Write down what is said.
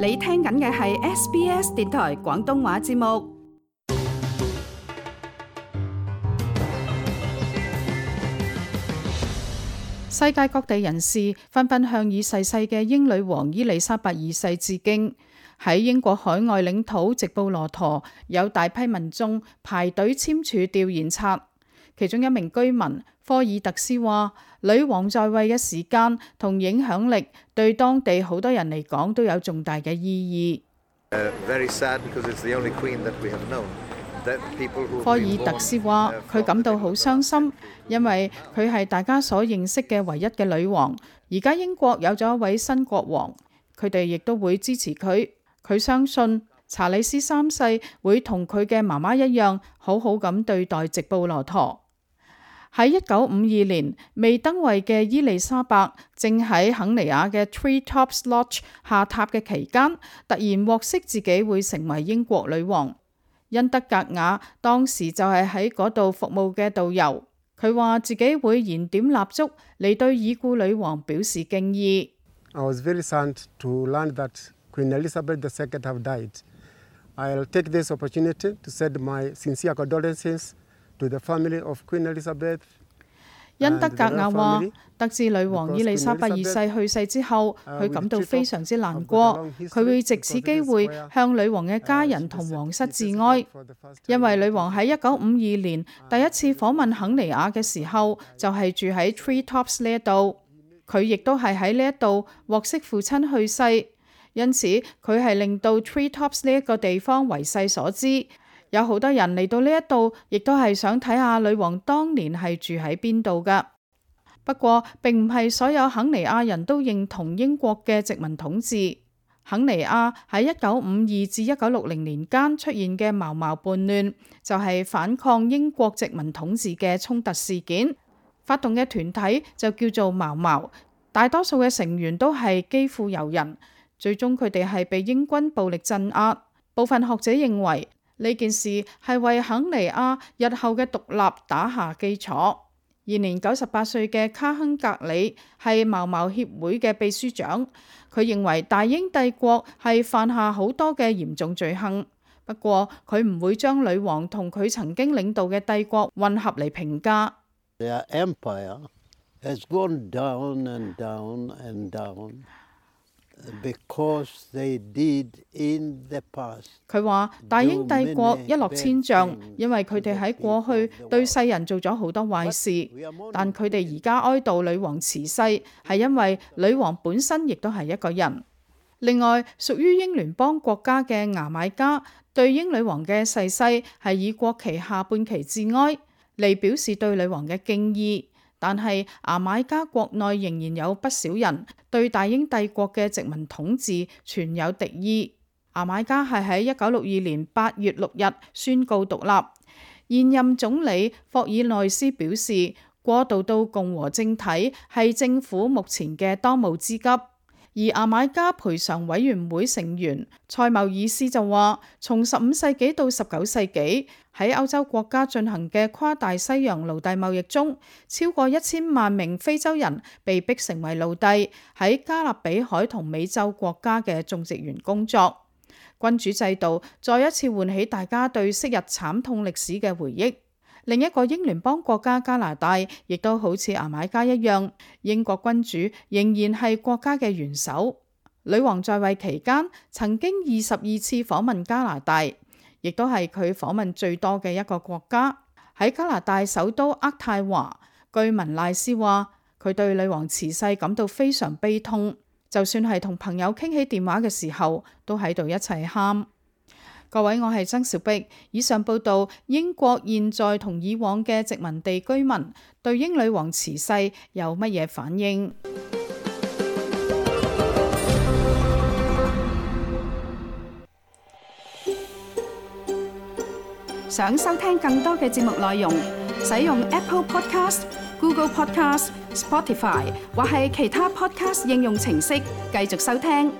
你聽緊嘅係 SBS 電台廣東話節目。世界各地人士紛紛向已逝世嘅英女王伊麗莎白二世致敬。喺英國海外領土直布羅陀，有大批民眾排隊簽署吊唁冊。其中一名居民科爾特斯話，女王在位嘅時間同影響力對當地好多人嚟講都有重大嘅意義。科爾特斯話，佢感到好傷心，因為佢係大家所認識嘅唯一嘅女王。而家英國有咗一位新國王，佢哋亦都會支持佢。佢相信查理斯三世會同佢嘅媽媽一樣，好好咁對待直布羅陀。喺一九五二年未登位嘅伊麗莎白正喺肯尼亞嘅 Treetops Lodge 下榻嘅期間，突然獲悉自己會成為英國女王。恩德格雅當時就係喺度服務嘅導遊，佢話自己會燃點蠟燭嚟對已故女王表示敬意。因德格亞話，得知女王伊利沙伯二世去世之後，佢感到非常之難過。佢會藉此機會向女王嘅家人同皇室致哀，因為女王喺一九五二年第一次訪問肯尼亞嘅時候，就係住喺 Tree Tops 呢度。佢亦都係喺呢一度獲悉父親去世，因此佢係令到 Tree Tops 呢一個地方為世所知。有好多人嚟到呢一度，亦都係想睇下女王當年係住喺邊度噶。不過，並唔係所有肯尼亞人都認同英國嘅殖民統治。肯尼亞喺一九五二至一九六零年間出現嘅毛毛叛亂，就係、是、反抗英國殖民統治嘅衝突事件。發動嘅團體就叫做毛毛，大多數嘅成員都係基庫尤人。最終，佢哋係被英軍暴力鎮壓。部分學者認為。呢件事係為肯尼亞日後嘅獨立打下基礎。現年九十八歲嘅卡亨格里係茅茅協會嘅秘書長，佢認為大英帝國係犯下好多嘅嚴重罪行。不過，佢唔會將女王同佢曾經領導嘅帝國混合嚟評價。佢話：大英帝國一落千丈，因為佢哋喺過去對世人做咗好多壞事。但佢哋而家哀悼女王辭世，係因為女王本身亦都係一個人。另外，屬於英聯邦國家嘅牙買加對英女王嘅逝世係以國旗下半旗致哀，嚟表示對女王嘅敬意。但係牙買加國內仍然有不少人對大英帝國嘅殖民統治存有敵意。牙買加係喺一九六二年八月六日宣告獨立。現任總理霍爾內斯表示，過渡到共和政體係政府目前嘅當務之急。而牙買加賠償委員會成員蔡茂爾斯就話：從十五世紀到十九世紀，喺歐洲國家進行嘅跨大西洋奴隸貿易中，超過一千萬名非洲人被逼成為奴隸，喺加勒比海同美洲國家嘅種植園工作。君主制度再一次喚起大家對昔日慘痛歷史嘅回憶。另一個英聯邦國家加拿大，亦都好似牙買加一樣，英國君主仍然係國家嘅元首。女王在位期間，曾經二十二次訪問加拿大，亦都係佢訪問最多嘅一個國家。喺加拿大首都渥太華，據文賴斯話，佢對女王辭世感到非常悲痛，就算係同朋友傾起電話嘅時候，都喺度一齊喊。各位，我係曾小碧。以上報道，英國現在同以往嘅殖民地居民對英女王辭世有乜嘢反應？想收聽更多嘅節目內容，使用 Apple Podcast、Google Podcast、Spotify 或係其他 Podcast 應用程式繼續收聽。